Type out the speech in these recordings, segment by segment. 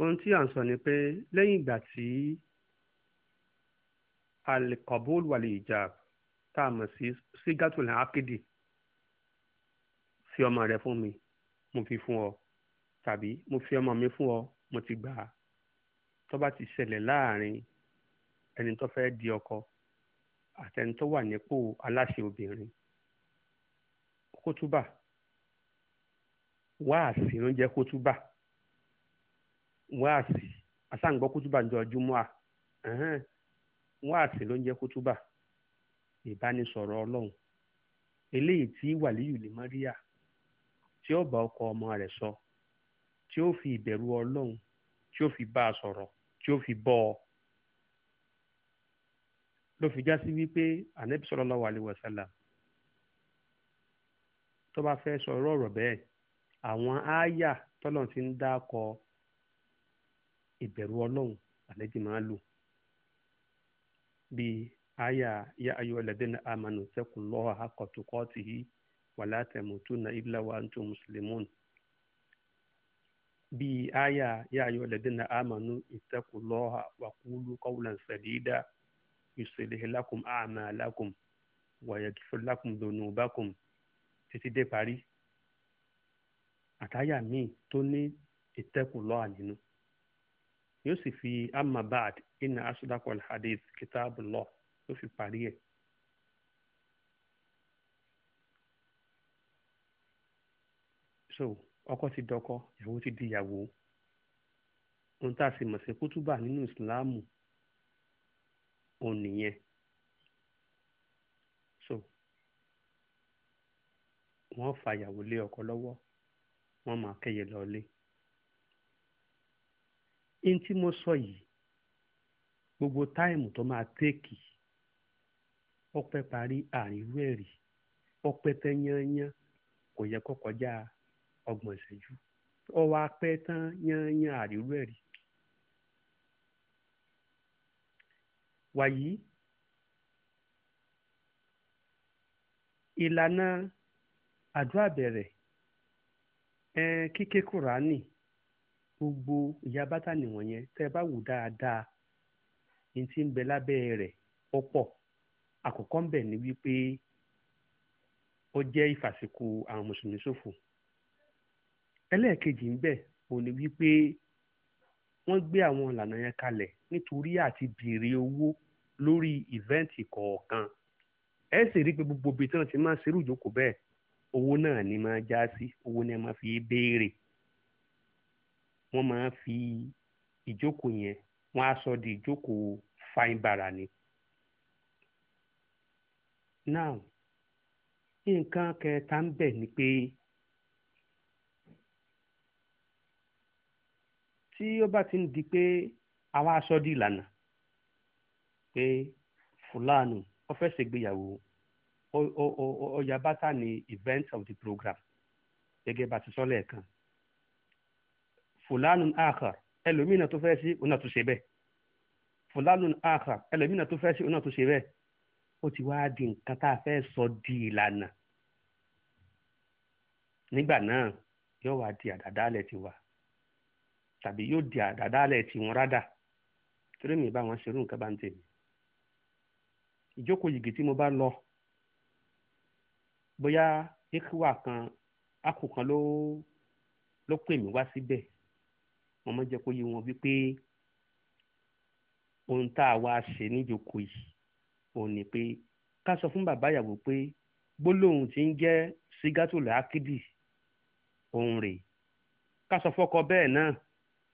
ohun tí à ń sọ ni pé lẹ́yìn ìgbà tí alikobol wàlẹ̀ ìjàb tá a mọ̀ sí sígátùlẹ̀ ákìdì fi ọmọ rẹ fún mi mo fi fún ọ tàbí mo fi ọmọ mi fún ọ mo ti gbà á tó bá ti ṣẹlẹ̀ láàrin ẹni tó fẹ́ di ọkọ àtẹni tó wà nípò aláṣẹ obìnrin kótúbà wáàsí ló kótúbà wáàsì asáǹgbọ́ kútúbà ní ọjọ́ júmọ́ à wáàsì ló ń jẹ́ kútúbà ìbánisọ̀rọ̀ ọlọ́run eléyìí tí wàlíyù lè mọ́ríyà tí ó bá ọkọ ọmọ rẹ̀ sọ tí ó fi ìbẹ̀rù ọlọ́run tí ó fi bá a sọ̀rọ̀ tí ó fi bọ́ ọ ló fi já sí wípé anabi sallallahu alaihi tó bá fẹ́ sọ ọ̀rọ̀ bẹ́ẹ̀ àwọn ááyà tọ́lọ̀ ti ń dá kọ ìbẹ̀rù ọlọ́run àlẹ́jì máa lò bíi aya ya ayo ẹlẹ́dẹ́nà amanu sẹ́kùn lọ́wọ́ akọ̀tùkọ́tì yìí wà látẹ̀mùtú na illa wa antum muslimun bíi aya ya ayo ẹlẹ́dẹ́nà amanu ìsẹ́kùn lọ́wọ́ wàkúlù qawlan sadida yuslih lakum a'malakum wa yaghfir lakum dhunubakum títí dé parí àtàyà míì tó ní ìtẹ́kùn lọ́wọ́ nínú yóò sì fi amma ba'd inna asdaqal hadith kitabullah ló fi parí ẹ̀. so ọkọ ti dọkọ ìyàwó ti di ìyàwó ohun tá a sì mọ̀ sí kútúbà nínú ìsìláàmù òun nìyẹn so wọ́n fa ìyàwó lé ọkọ lọ́wọ́ wọ́n máa kẹ́yẹ lọ ẹni tí mo sọ yìí gbogbo táìmù tó máa tẹ́kì ọpẹ parí àrírú ẹ̀rí ọpẹ tẹ yányán kò yẹ kó kọjá ọgbọ̀n ìṣẹ́jú ọwọ́ apẹ tán yányán àrírú wàyí ìlànà àdúrà bẹ̀rẹ̀ ẹ̀ kíké kúránì gbogbo ìyá bátà nìwọ̀n yẹn tẹ́ ẹ bá wù dáadáa ní ti ń bẹ lábẹ́ rẹ̀ pọ̀pọ̀ àkọ́kọ́ ń bẹ ní wípé ó jẹ́ ìfàsìkò àwọn mùsùlùmí ṣòfò ẹlẹ́ẹ̀kejì ń bẹ òun ni wípé wọ́n gbé àwọn ìlànà yẹn kalẹ̀ nítorí àti béèrè owó lórí ìvẹ́ǹtì kọ̀ọ̀kan ẹ sì rí i pé gbogbo ibi tí wọ́n ti máa ń ṣerú ìjókòó bẹ́ẹ̀ owó náà ni máa já sí owó ni ẹ máa fi béèrè wọ́n máa ń fi ìjókòó yẹn wọ́n á sọ di ìjókòó fáínbàrà ni. now nǹkan kẹta ń bẹ̀ ni pé tí ó bá ti ń di pé àwa aṣọ di ìlànà pé fúlàní ó fẹ́ ṣègbéyàwó ó ya bátà ni event of the program gẹ́gẹ́ bá ti sọ lẹ́ẹ̀kan fulanun akhar ẹlòmínà tó fẹ́ sí òun náà tó ṣe bẹ́ẹ̀ fulanun akhar ẹlòmínà tó fẹ́ sí òun náà tó ṣe bẹ́ẹ̀ ó ti wáá di nǹkan tá a fẹ́ sọ di ìlànà nígbà náà yóò wá di àdàdálẹ̀ tiwa tàbí yóò di àdàdálẹ̀ tiwọn rádà torí bá wọn ṣerú nǹkan bá ń tèmi ìjókòó yìgì tí mo bá lọ bóyá ikiwa kan akù ló ló pè mí wá síbẹ̀ wọ́n máa ń jẹ́ kó yé wọn wípé ohun tá a wá ṣe níjókòó yìí òun ni pé ká sọ fún bàbá ìyàwó pé gbólóhùn tí ń jẹ́ sígátò làákìdì òun rè ká sọ fọ́kọ bẹ́ẹ̀ náà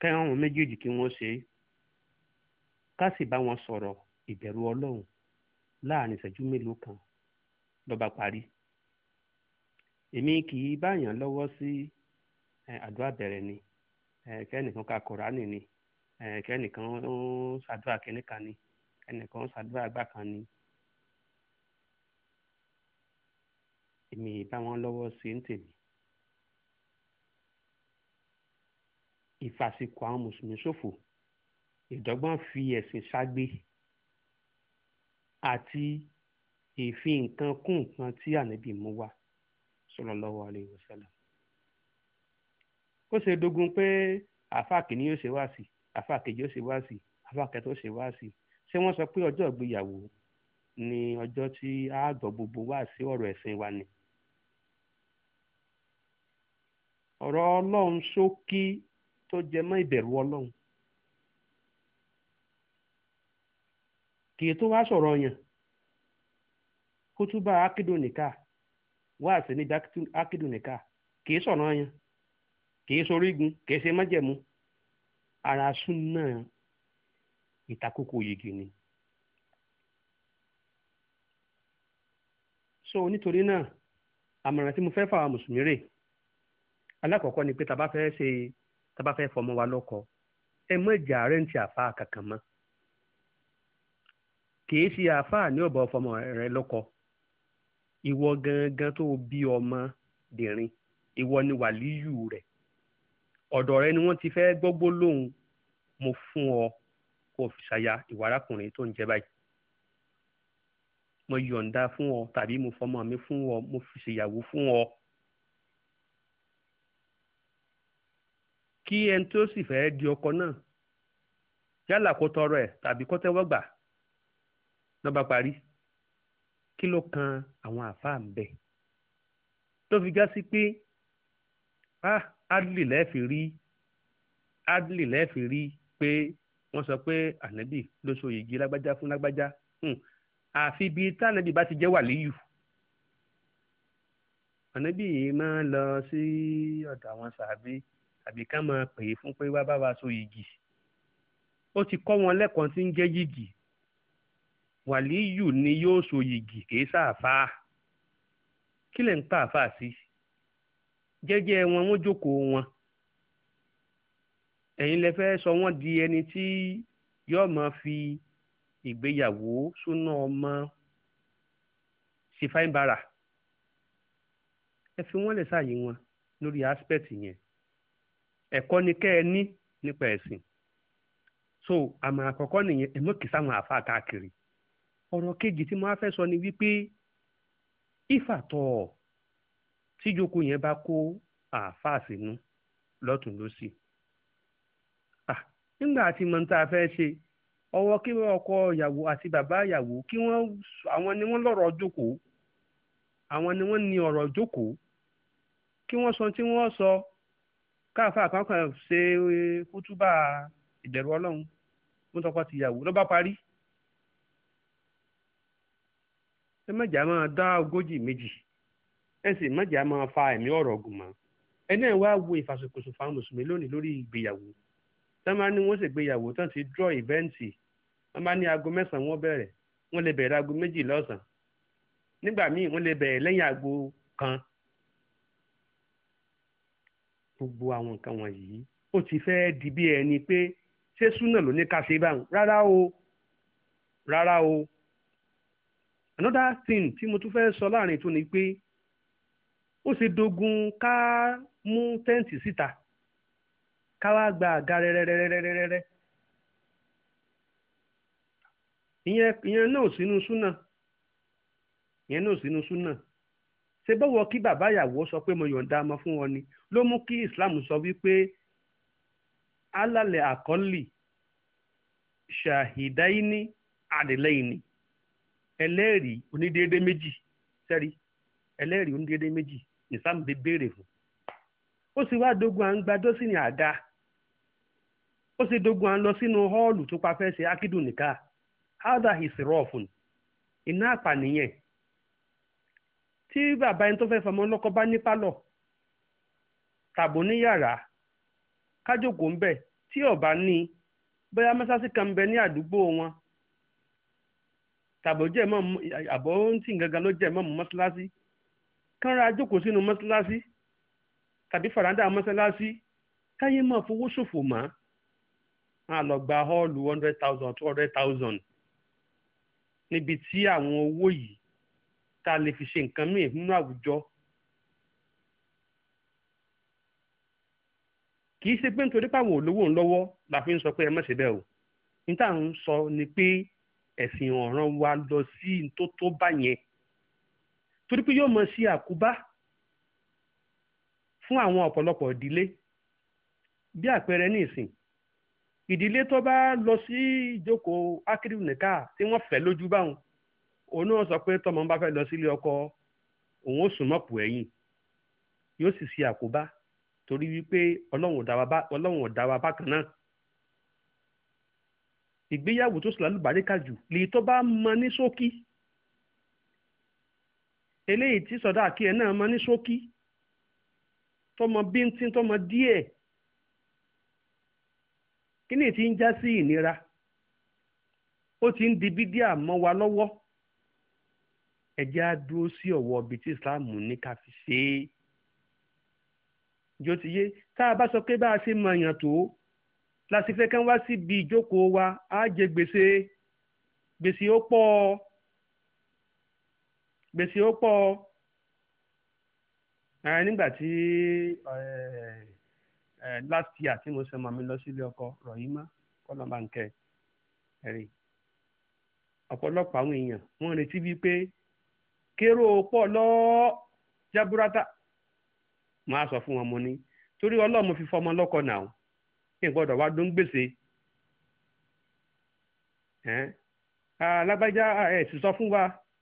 kẹ́hìn àwọn méjèèjì kí wọ́n ṣe ká sì bá wọn sọ̀rọ̀ ìbẹ̀rù ọlọ́run láàrin ìṣẹ́jú mélòó kan lọ́ba parí èmi kì í báyàn lọ́wọ́ sí àdúrà bẹ̀rẹ̀ ni kẹ́nìkan ka kùránì ni kẹ́nìkan ń ṣàdúrà kẹ́nìkan ni kẹ́nìkan ń ṣàdúrà àgbà kan ni. èmi ìbá wọn lọ́wọ́ sí ń tèmi. ìfàsìkò àwọn mùsùlùmí ṣòfò ìdọ́gbọ́n fi ẹ̀sìn ṣágbé àti ìfi nǹkan kún nǹkan tí ànábì mú wá sallallahu alaihi wasallam. kó ṣe dogun pé àáfàá kìíní yóò ṣe wáàsí àáfàá kejì yóò ṣe wáàsí àáfàá kẹta yóò ṣe wáàsí ṣé wọn sọ pé ọjọ ìgbéyàwó ni ọjọ tí a gbọ́ gbogbo wáàsí ọ̀rọ̀ ẹ̀sìn wa ni. ọ̀rọ̀ ọlọ́run ṣókí tó jẹ mọ́ ìbẹ̀rù ọlọ́run kì í tó wá sọ̀rọ̀ yàn kútúbà ákídùn nìka wáàsí níbi ákídùn nìka kì í sọ̀rọ̀ yàn kìí sorígun kìí ṣe májẹ̀mú ara súnà ìtakókò yìgì ni. so nítorí náà àmọ̀ràn tí mo fẹ́ fà mùsùlùmí rè alákọ̀ọ́kọ́ ni pé tá a bá fẹ́ ṣe tá a bá fẹ́ fọmọ wa lọ́kọ ẹ mọ ìjà rẹ́ǹtì àfa kankan mọ́ kìí ṣe àfa ní ọ̀bọ̀ fọmọ rẹ lọ́kọ ìwọ gangan tó bí ọmọ dìrín ìwọ ni wàlíyù rẹ̀ ọ̀dọ̀ rẹ ni wọ́n ti fẹ́ gbógbó lóhùn mo fún ọ kó o fi ṣàyà ìwà arákùnrin tó ń jẹ báyìí mo yọ̀ǹda fún ọ tàbí mo fọmọ mi fún ọ mo fi ṣèyàwó fún ọ. kí ẹni tó sì fẹ́ di ọkọ náà yálà kó tọrọ ẹ̀ tàbí kó tẹ́wọ́ gbà náà bá parí kí ló kan àwọn àáfàá ń bẹ tó fi já sí pé ah adli lẹ́ẹ̀fì rí adli lẹ́ẹ̀fì rí pé wọ́n sọ pé ànábì ló so yìgì lágbájá fún lágbájá hmm. àfi bí tànábì bá ti jẹ́ wàlíyù ànábì yìí máa ń lọ sí ọ̀dọ̀ àwọn sàbí àbí ká máa pè é fún pé wá bá wa so yìgì ó ti kọ́ wọn lẹ́kọ̀ọ́ tí ń jẹ́ yìgì wàlíyù ni yóò so yìgì kì í sáàfáà kí lè ń pa àfáà sí. Si jẹ́jẹ́ wọn wọn jókòó wọn ẹ̀yin lẹ fẹ́ sọ wọn di ẹni tí yóò máa fi ìgbéyàwó súná ọmọ ṣe fáin bára ẹ fi wọ́n lẹ̀ sáàyè wọn lórí aspect yẹn ẹ̀kọ́ ni kẹ́ ẹ ní nípa ẹ̀sìn so àmọ́ àkọ́kọ́ nìyẹn ẹ mọ̀kì sáwọn àfa káàkiri ọrọ kejì tí mo á fẹ́ sọ ni wípé ìfàtọ̀ ọ̀ tíjókòó yẹn bá kó àáfàá sínú lọ́tún lọ́sì ah, nígbà tí mo ń tá fẹ́ ṣe ọwọ́ kí ọkọ ìyàwó àti bàbá ìyàwó kí wọ́n àwọn ni wọ́n lọ́rọ̀ jókòó àwọn ni wọ́n ní ọ̀rọ̀ jókòó kí wọ́n sọ tí wọ́n sọ káàfà kankan ṣe kútúbà ìdẹ̀rù ọlọ́run wọ́n tọkọ tìyàwó ló bá parí. ẹ mẹ́jà máa dá ogójì méjì ẹ sì mọ̀jà máa fa ẹ̀mí ọ̀rọ̀ ọ̀gùn mọ́ ẹ náà wá wo ìfàsùkùsù fáwọn mùsùlùmí lónìí lórí ìgbéyàwó tán máa wọ́n sì gbéyàwó tán ti draw ìvẹ́ǹtì wọ́n máa ní aago mẹ́sàn-án wọ́n bẹ̀rẹ̀ wọ́n lè bẹ̀rẹ̀ aago méjì lọ́sàn-án nígbà míì wọ́n lè bẹ̀rẹ̀ lẹ́yìn aago kan gbogbo àwọn nǹkan wọ̀nyí ó ti fẹ́ di bí ẹni pé ṣé súnà ló ní ká ṣe báwọn rárá o rárá o another thing tí mo tún fẹ́ sọ láàrin tó ni pé ó ṣe dogun ká mú tẹ́ǹtì síta ká wá gba àga rẹ́rẹ́rẹ́rẹ́rẹ́rẹ́ ìyẹn náà ò sínú súnà ìyẹn náà ò sínú súnà ṣe bọ́wọ́ kí bàbá ìyàwó sọ pé mo yọ̀ǹda ọmọ fún wọn ni ló mú kí Islam sọ wípé alálẹ̀ àkọ́lì ṣàhìdáíní ẹlẹ́rìí onídéédé méjì sẹ́rí ẹlẹ́rìí onídéédé méjì ìsàmù lè béèrè fún ó sì wá dogun à ń gba dọ́sìnì àga ó sì dogun à ń lọ sínú họ́ọ̀lù tó pa fẹ́ ṣe akídùn nìka hádà ìsìrọ̀fùn iná àpànìyàn tí bàbá ẹni tó fẹ́ fọmọ lọ́kọ bá ní pálọ̀ tàbó ní yàrá kájòkó ń bẹ̀ tí ọba ní bóyá mọ́sáàsì kan ń bẹ ní àdúgbò wọn tàbó jẹ́ mọ́ àbọ̀ ń tì gangan ló jẹ́ mọ́ mọ́sálásí kánra jókòó sínú mọ́ṣáláṣí tàbí fàràǹdà mọ́ṣáláṣí káyé máa fowó ṣòfò mọ́ máa lọ gba họ́ọ̀lù one hundred thousand two hundred thousand níbi tí àwọn owó yìí tá a lè fi ṣe nǹkan míì nínú àwùjọ kì í ṣe pé nítorí pàwọn olówó ń lọ́wọ́ la fi ń sọ pé ẹ má ṣe bẹ́ẹ̀ o níta ń sọ ni pé ẹ̀sìn ọ̀ràn wa lọ sí tó tó bá yẹn torí pé yóò mọ sí àkúbá fún àwọn ọ̀pọ̀lọpọ̀ ìdílé bí àpẹẹrẹ ní ìsìn ìdílé tó bá lọ sí ìjókòó akérèwò nìka tí wọ́n fẹ́ lójú báwọn òun náà sọ pé tọmọ bá fẹ́ lọ sílé ọkọ òun ó sùn mọ́pù ẹ̀yìn yóò sì ṣe àkóbá torí wípé ọlọ́run ọ̀dà wa bákan náà ìgbéyàwó tó sùn lálùbáríkà jù lè tó bá mọ ní ṣókí eléyìí tí sọdá àkí ẹ náà máa ní ṣókí tọmọ bíntín tọmọ díẹ̀ kí ni ti ń já sí ìnira ó ti ń di bídíà mọ́ wa lọ́wọ́ ẹ jẹ́ á dúró sí ọ̀wọ́ ibi tí Islam ní ká fi ṣe é ìjọ ti yé tá a bá sọ pé bá a ṣe mọ èèyàn tó láti fẹ́ wá síbi ìjókòó wa á jẹ gbèsè gbèsè ó pọ̀ ọ́. gbèsè ó pọ̀ nígbà tí last year tí mo ṣe mọ̀ mi lọ sílé ọkọ rọ̀yìnmá kọ́lọ́mbàǹkẹ́ ẹ̀rí ọ̀pọ̀lọpọ̀ àwọn èèyàn wọ́n retí pé kérò pọ̀ lọ́ọ́ jábúrátà máa sọ fún wọn mo ní torí ọlọ́mọ fi fọmọ lọ́kọ náà kí n gbọ́dọ̀ wá dún gbèsè alágbájá ẹ̀ sì sọ fún wa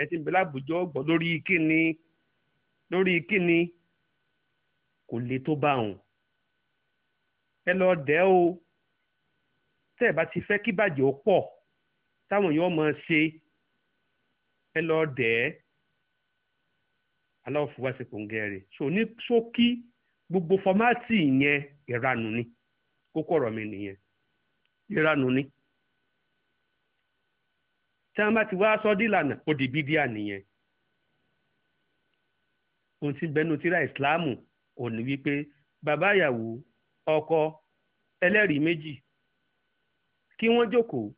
ẹ ti ń bẹ lábùjọ ọgbọ́n lórí kíni lórí kíni kò le tó bá òun ẹ lọ dẹ́ o tẹ́ ẹ bá ti fẹ́ kí bàjẹ́ ó pọ̀ táwọn èèyàn máa ṣe ẹ lọ dẹ́ aláwọ̀ fún wá sí kòǹgẹ́rẹ́ so ní ṣókí gbogbo fọmáàtì yẹn ìranù ni kókó ọ̀rọ̀ mi nìyẹn ìranù ni tí wọ́n bá ti wá sọ dílànà ó di bídíà nìyẹn ohun tí bẹnu tíra ìsìláàmù ò ní wípé bàbá ìyàwó ọkọ ẹlẹ́rìí méjì kí wọ́n jókòó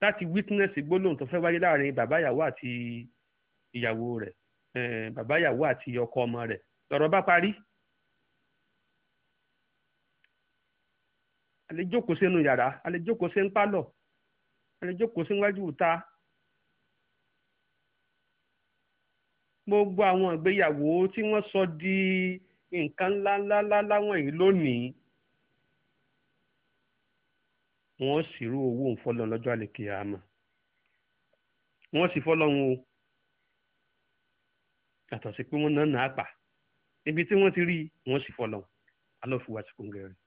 láti witness gbólóhùn tó fẹ́ wáyé láàrin bàbá ìyàwó àti ìyàwó rẹ̀ bàbá ìyàwó àti ọkọ ọmọ rẹ̀ lọ́rọ̀ bá parí. a lè yàrá a lè jókòó a lè jókòó síwájú ìta gbogbo àwọn ìgbéyàwó tí wọ́n sọ di nǹkan ńláńláńlá láwọn yìí lónìí wọ́n sì rú owó ìfọlọ́ lọ́jọ́ àlèkè àmọ́ wọ́n sì fọlọ́run o yàtọ̀ sí pé wọ́n náà nà á pa ibi tí wọ́n ti rí wọ́n sì fọlọ́run alọ́fíwá ti kún gẹ̀rẹ́.